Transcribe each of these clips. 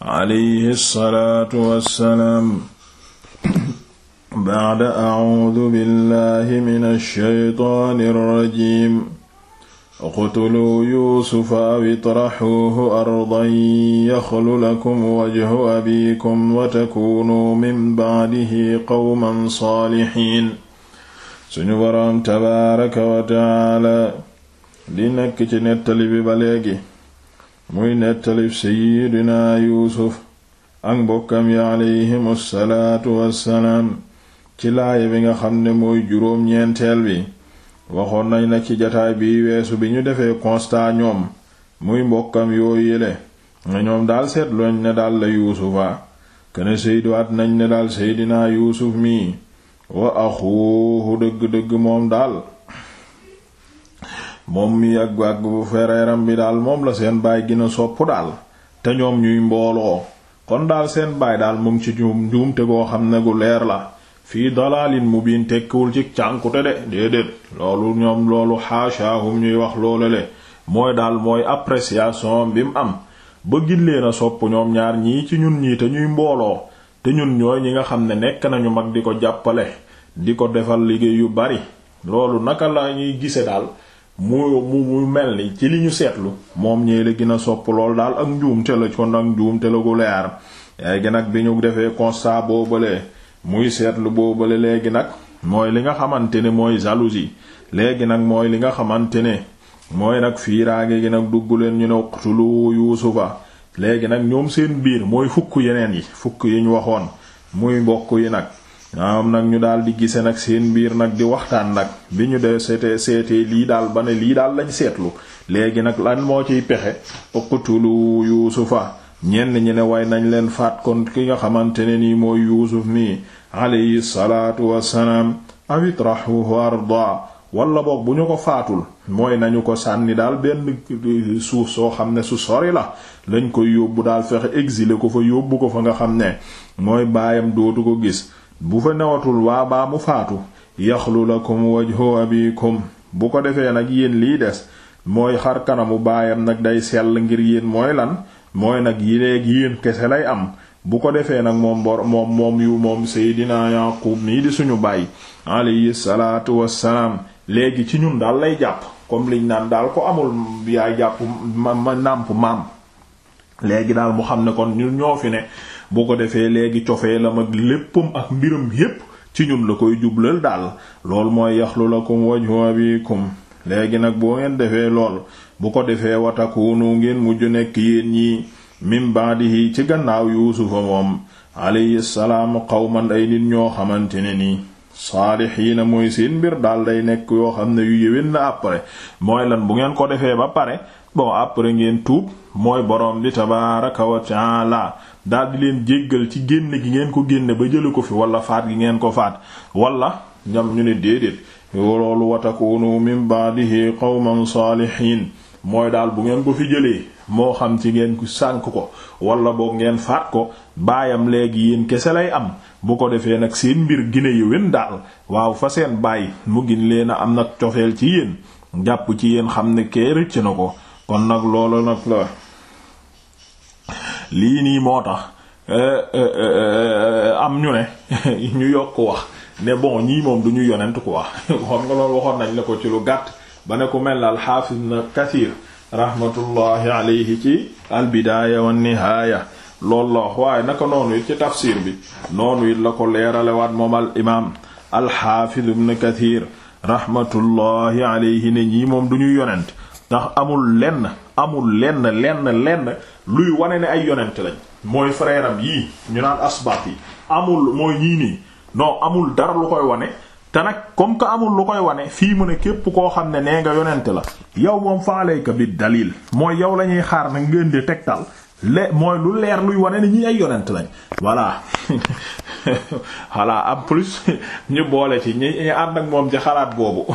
alayhi salaatu wassalaam ba'da a'uudu billahi minash shaytaanir rajiim uqtuluu yuusufa aw itraxuuhu ardan yaxlu lakum wajhu abiikum wa takuunuu min ba'dihi qawman saalixiin suñu boroom tabaaraka wa tacaala di nekk ci nettali bi ba léegi muy nettalif seyyidina yuusuf ak mbokkam ya aleyhim assalaatu wassalaam ci laaya bi nga xam ne mooy juróom-ñeenteel bi waxoon nañ nag ci jataay bi weesu bi ñu defee constat ñoom muy mbokkam yoo yéle nga ñoom daal seetloñ ne daal la yuusufa kene seyduwaat nañ ne daal seydinaa yuusuf mi wa axuuhu dëgg-dëgg moom daal moom mi ak ak bu fereeram bi daal moom la seen baay gën a sopp daal te ñoom ñuy mbooloo kon daal seen baay daal mu ci juum njuumte goo xam ne gu leer la fii dalaalin mubiin tekkiwul ci cànkute de déedéet loolu ñoom loolu xaashaahum ñuy wax loolu mooy daal mooy appréciation bi mu am ba gillee na sopp ñoom ñaar ñii ci ñun ñii te ñuy mbooloo te ñun ñooy ñi nga xam ne nekk nañu mag di ko jàppale di ko defal liggéey yu bari loolu naka la ñuy gise daal mu mu mel ni ci li ñu seetlu moom ñee la gën a sopp lool daal ak njuumte la kon ak njuumte la gu leer léegi nag bi ñu defee constat boobale muy seetlu boobale léegi nag mooy li nga xamante ne mooy jalousie léegi nag mooy li nga xamante ne mooy nag fiiraange gi nag dugg leen ñu ne uqtulu yuusufa léegi nag ñoom seen biir mooy fukk yeneen yi fukk yi ñu waxoon muy mbokk yi nag ñoom nag ñu daal di gise nag seen biir nag di waxtaan nag bi ñu dee seetee seetee lii daal ba ne lii daal lañ seetlu léegi nag lan moo ciy pexe uqtulu yuusufa ñenn ñi ne way nañ leen faat kon ki nga xamante ne nii mooy yuusuf mi alayhi salaatu wassalaam awitrahuhu arda wala boog bu ñu ko faatul mooy nañu ko sànni daal benn suuf soo xam ne su sori la lañ koy yóbbu daal fexe exiler ko fa yóbbu ko fa nga xam ne mooy baayam dootu ko gis bu fa newatul waa baa mu faatu yaxlu lakum wajhu abikum bu ko defee nag yéen lii des mooy xar kanamu baayam nag day sell ngir yéen mooy lan mooy nag yi léegi kese lay am bu ko defee nag moom bor moom moom yu moom seydinaa yaqub nii di suñu baay alayhi salaatu wassalaam léegi ci ñun daal lay jàpp comme liñ naan daal ko amul yaay jàpp ma nàmp maam léegi daal mu xam ne ko ñun ñoo fi ne bu ko defee léegi cofeelam ak léppam ak mbiram yépp ci ñun la koy jublal daal lool mooy yaxlu lakum wajhu abikum léegi nag boo ngeen defee lool bu ko defee watakunu ngeen mujj nekk yéen ñi min baadihi ci gannaaw yuusufa moom alayhi xaw man ay nit ñoo xamante ne nii saalihiina mooy seen mbir daal day nekk yoo xam ne yu yéwén la après mooy lan bu ngeen ko defee ba pare bon après ngeen tuub mooy boroom di tabaaraka wa taala daal di leen jéggal ci génne gi ngeen ko génne ba jële ko fi wala faat gi ngeen ko faat wala ñam ñu ne déedéet loolu watakunu min baadihi qawman saalihiin mooy daal bu ngeen ko fi jëlee moo xam ci ngeen ku sànk ko wala boog ngeen faat ko baayam léegi yéen kese lay am bu ko defee nag seen mbir gine yëwén daal waaw fa seen baay mu gin leen a am nag cofeel ci yéen jàpp ci yéen xam ne kee rëcc na ko kon nag loolu nag la lii nii moo tax euh, euh, euh, am ñu ne ñu yokk wax ne bon ñii moom du ñu yonent quoi xam nga loolu waxoon nañ la ko ci lu gàtt ba ne ku mel al-Hafiz na Kathir rahmatullahi alayhi ci al-Bidaya wa loolu la waaye naka noonu it ci tafsir bi noonu it la ko leeralewaat moom al imaam al-Hafiz ibn Kathir ne ñii moom du ñu yonent ndax amul lenn amul lenn lenn lenn luy wane ne ay yonent lañ mooy frère am yii ñu naan asbaat yi amul mooy ñii nii amul dara lu koy wane te nag comme que amul lu koy wane fii mu ne képp koo xam ne nee nga yonent la yow moom fa alayka bi daliil mooy yow la ñuy xaar nag ngeen di tegtal le mooy lu leer luy wane ni ñi ay yonent lañ voilà voilà en plus ñu boole ci ñi ànd ak moom ci xalaat boobu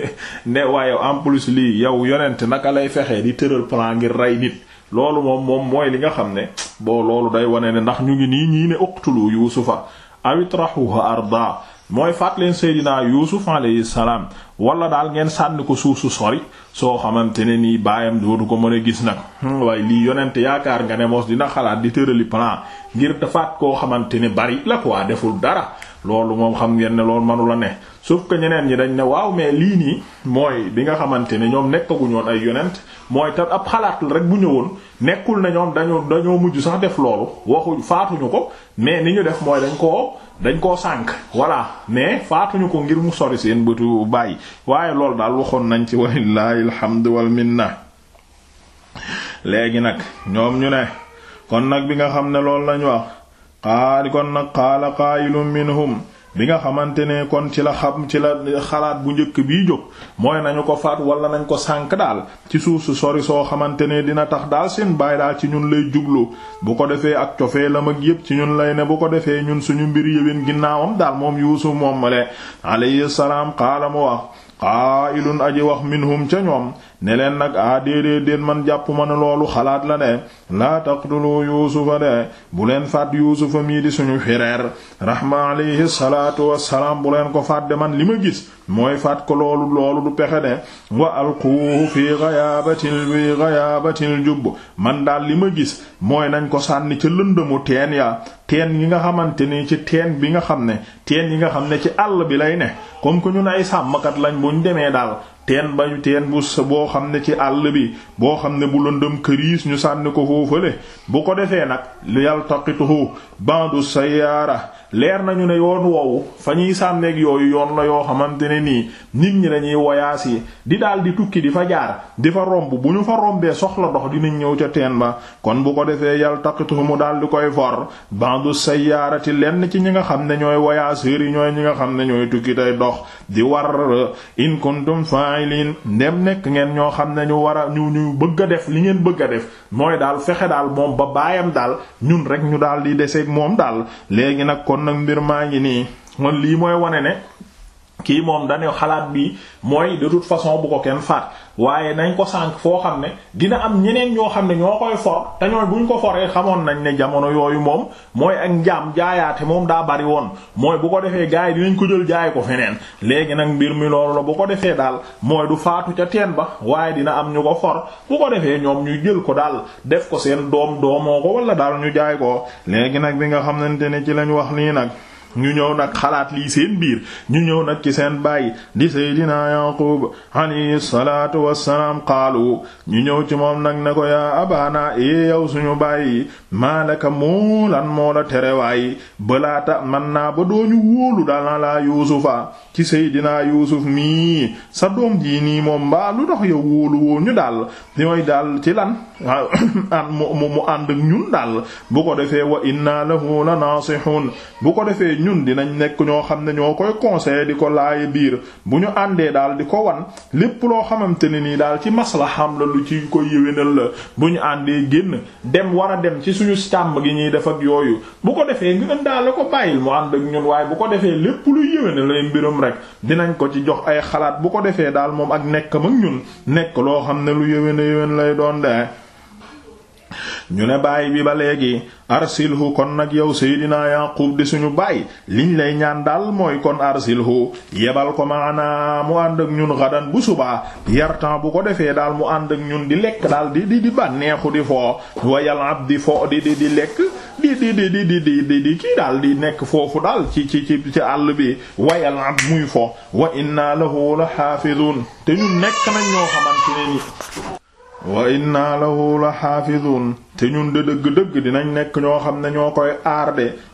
ne waaye en plus lii yow yonent naka lay fexe di tëral plan ngir rey nit loolu moom moom mooy li nga xam ne boo loolu day wane ne ndax ñu ngi nii ñii ne uqtulu yuusufa awitrahuha arda mooy faat leen seydinaa yuusuf alayhi salaam wala daal ngeen sànni ko suuf su sori soo xamante ne nii baayam dootu ko mën a gis nag hmm, waaye lii yonent yaakaar nga ne mos dina xalaat di tërali plan ngir te faat koo xamante ne bari la waa deful dara loolu moom xam ngeen ne loolu manu ne sauf ko ñeneen ñi dañ ne waaw mais lii nii mooy bi nga xamante ne ñoom nekkaguñu woon ay yonent mooy te ab xalaat rek bu ñëwoon nekkul ne ñoom dañoo dañoo mujj sax def loolu waxu faatuñu ko mais ni ñu def mooy dañ ko dañ koo sànk voilà mais faatuñu ko ngir mu sori seen bu bàyyi waaye loolu daal waxoon nañ ci walillahi alhamdu wal minna léegi nag ñoom ñu ne kon nag bi nga xam ne loolu lañ wax qaal kon nag qaala qaa'ilun minhum bi nga xamante ne kon ci la xam ci la xalaat bu njëkk bii jóg mooy nañu ko faat wala nañ ko sànk daal ci suuf su sori soo xamante ne dina tax daal seen baay daal ci ñun lay jublu bu ko defee ak cofee la mag yépp ci ñun lay ne bu ko defee ñun suñu mbir yëwén ginnaawam daal moom yuusuf moom male alayhi salaam qaala mu wax qaa'ilun aji wax minhum ca ñoom ne leen nag a ah, déedée man jàppuma ma ne loolu xalaat la ne laa taqtulu yuusufa de bu leen faat yuusufa mii di suñu frère rahma alayhi salaatu bu leen ko faat man li ma gis mooy faat ko loolu loolu du pexe de wa alquuhu fii ghayaabatil fii ghayaabatil man daal li ma gis mooy nañ ko sànni ca lëndëmu teen ya teen yi nga xamante ni ci teen bi nga xam ne teen yi nga xam ne ci àll bi lay ne comme que ñun ay sàmmkat lañ buñ demee daal teen bañu teen bu sa boo xam ne ci àll bi boo xam ne bu lëndëm këriis ñu sànni ko foofale bu ko defee nag yàlla yaltaqituhu bandu sayyaara leer nañu ne yoon woowu fa ñuy sànneeg yooyu yoon la yoo xamante ne nii nit ñi lañuy woyaas yi di daal di tukki di fa jaar di fa romb bu ñu fa rombee soxla dox dinañ ñëw ca teen ba kon bu ko defee yaltaqituhu mu daal di koy for bandu sayyaarati lenn ci ñi nga xam ne ñooy woyaaseur yi ñooy ñi nga xam ne ñooy tukki tey dox faa'iliin ndem nekk ngeen ñoo xam ne ñu war a ñu ñu bëgg a def li ngeen bëgg a def mooy daal fexe daal moom ba baayam daal ñun rek ñu daal di deseeg moom daal léegi nag kon nag mbir maa ngi nii man lii mooy wane ne. kii moom dañu xalaat bi mooy de toute façon bu ko kenn faat waaye nañ ko sànq foo xam ne dina am ñeneen ñoo xam ne ñoo koy for te ñooy buñ ko foree xamoon nañ ne jamono yooyu moom mooy ak njaam jaayaate moom daa bari woon mooy bu ko defee gars yi dinañ ko jël jaay ko feneen léegi nag mbir mi loolu la bu ko defee daal mooy du faatu ca teen ba waaye dina am ñu ko for bu ko defee ñoom ñuy jël ko daal def ko seen doom doomoo ko wala daal ñu jaay ko léegi nag bi nga xamante ne ci lañ wax lii nag ñu ñëw nag xalaat lii seen biir ñu ñëw nag ci seen bàyyi di seydina yaqub alayhi salaatu wassalaam qaalu ñu ñëw ci moom nag ne ko yaa abaana ee yow suñu bàyyi maa maalaka moo lan moo la terewaay balaata man naa ba dooñu wóolu daal laa yuusufa ci seydina yuusuf mii sa doom jii nii moom mbaa lu tax yow wóolu woo ñu daal ñooy daal ci lan an mu mu ànd ñun daal bu ko defee wa inna lahu la naasihun bu ko defee ñun dinañ nekk ñoo xam ne ñoo koy conseillé di ko laaye biir bu ñu àndee daal di ko wan lépp loo xamante ne nii daal ci maslaxam la lu ci ko yéwénal la bu ñu àndee génn dem war a dem ci suñu càmm gi ñuy def ak yooyu bu ko defee nga ëndaale ko bàyyil mu ànd ak ñun waaye bu ko defee lépp lu yéwénal lay mbirum rek dinañ ko ci jox ay xalaat bu ko defee daal moom ak nekk ak ñun nekk loo xam ne lu yéwén yéwén lay doon de ñu ne baay bi ba léegi arsilhu kon nag yow seydinaa yaqub di suñu baay liñ lay ñaan daal mooy kon arsilhu yebal ko maana mu ànd ak ñun xadan bu subaa yartan bu ko defee daal mu ànd ak ñun di lekk daal di di di bànneexu di foo wayal ab di foo di di di lekk di di di di di di daal di nekk foofu daal ci ci ci ci àll bi wayal ab muy fo wa inna lahu la xaafidun te ñun nekk nañ ñoo xamante ne ni wa inna la la xaafidun te ñun de dëgg-dëgg dinañ nekk ñoo xam ne ñoo koy aar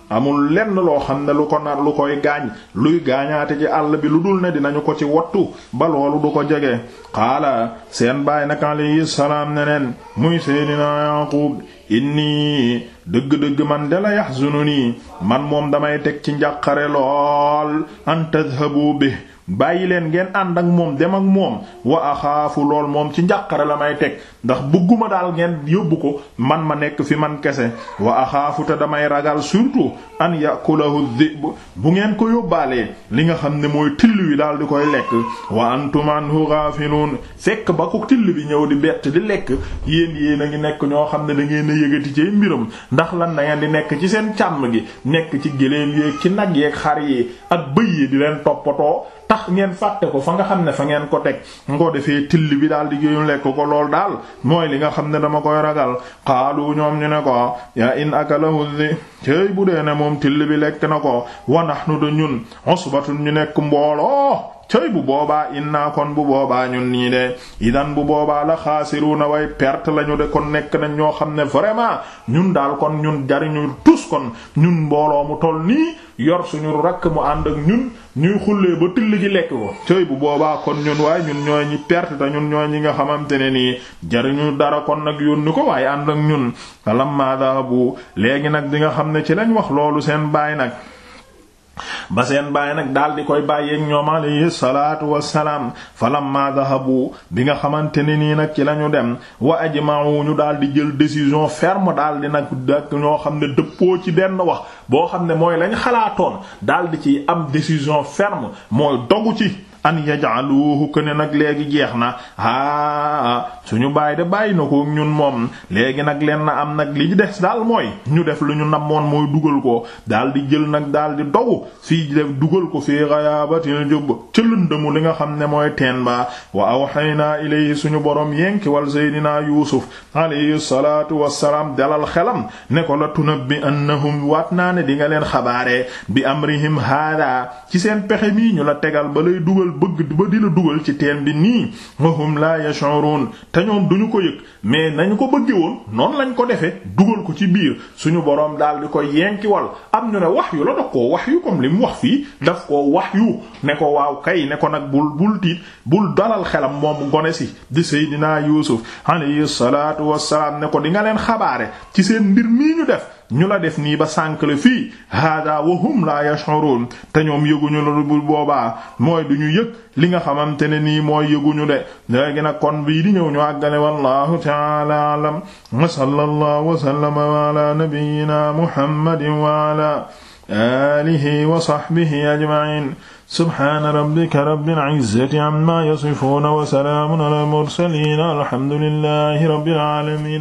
amul lenn loo xam ne lu ko nar lu koy gaañ luy gaañaate ci àll bi lu dul ne dinañu ko ci wattu ba loolu du ko jege xaala seen baay nak alayhi salaam ne neen muy seydina Yaqub inni dëgg-dëgg man de la yaxzunu nii man moom damay teg ci njàqare lool an tadhabu bi bàyyi leen ngeen ànd ak moom dem ak moom wa axaafu lool moom ci njàqare la may teg ndax bëgguma daal ngeen yóbbu ko man ma nekk fi man kese wa axaafu te damay ragal surtout an yakulahu dhib bu ngeen ko yóbbaalee li nga xam ne mooy till wi daal di koy lekk wa antum anhu ghafiluun fekk ba ko till bi ñëw di bett di lekk yéen yéen a ngi nekk ñoo xam ne da ngeen a yëgati ci mbiram ndax lan da ngeen di nekk ci seen càmm gi nekk ci géléem yeeg ci nag yeeg xar yi ak bëy yi di leen toppatoo tax ngeen fàtte ko fa nga xam ne fa ngeen ko teg ngoo defee till bi daal di géeyum lekk ko lool daal mooy li nga xam ne dama koy ragal xaalu ñoom ñu ne ko yaa in akalahu di tey bu dee ne moom till bi lekk na ko wa nahnu ñun usbatun ñu nekk mbooloo cëy bu boobaa inna kon bu boobaa ñun nii de idan bu boobaa la xaasiruna way perte lañu de kon nekk nañ ñoo xam ne vraiment ñun daal kon ñun jariñu tus kon ñun mbooloo mu toll nii yor suñu rakk mu ànd ak ñun ñuy xullee ba till ji lekk ko cëy bu boobaa kon ñun waaye ñun ñooy ñi perte te ñun ñooy ñi nga xamante ne nii jariñu dara kon nag yónni ko waaye ànd ak ñun alam madahabu léegi nag di nga xam ne ci lañ wax loolu seen bàyyi nag ba seen baay nag daal di koy bàyyeek ñoom alayhi salaatu wassalaam falamma dahabu bi nga xamante ne nii nag ci lañu ñu dem wa ajma'u ñu daal di jël décision ferme daal di nag dak ñoo xam ne dëppoo ci benn wax boo xam ne mooy lañ xalaatoon daal di ci am décision ferme mooy dogu ci an yaj'aluhu ko ne nag léegi jeex na aa suñu bàyyi de bàyyi na ko ñun moom léegi nag leen na am nag li des daal mooy ñu def lu ñu nammoon mooy dugal ko daal di jël nag daal di dogu fii def dugal ko fii xayaabatil jubb ca lëndëmu li nga xam ne mooy teen ba wa awxaynaa ilayhi suñu borom yénkiwal seydinaa yuusuf alayhi salaatu wassalaam dalal xelam ne ko la tunabbi annahum waat naa ne di nga leen xabaare bi amrihim haada ci seen pexe mi ñu la tegal ba dugal dugal bëgg ba di la dugal ci teen bi nii mahum la yash'urun te ñoom duñu ko yëg mais nañu ko bëgge woon noonu lañ ko defee dugal ko ci biir suñu boroom daal di koy yenkiwal am ñu ne wax yu la daf koo wax yu comme li mu wax fii daf koo wax yu ne ko waaw kay ne ko nag bul bul tiit bul dalal xelam moom gone si di Seydina Yuusuf alayhi salaatu wassalaam ne ko di nga leen xabaare ci seen mbir mii ñu def ñu la def nii ba sànk la fii hada wa hum la yash'urun te ñoom yëguñu la bu boobaa mooy du ñu li nga xamante ne nii mooy yëguñu de léegi nag kon bii di ñëw ñu àggale wallahu ta'ala alam wa sallallahu wa sallama wa ala nabiyyina muhammadin wa wa sahbihi ajma'in subhana rabbika rabbil izzati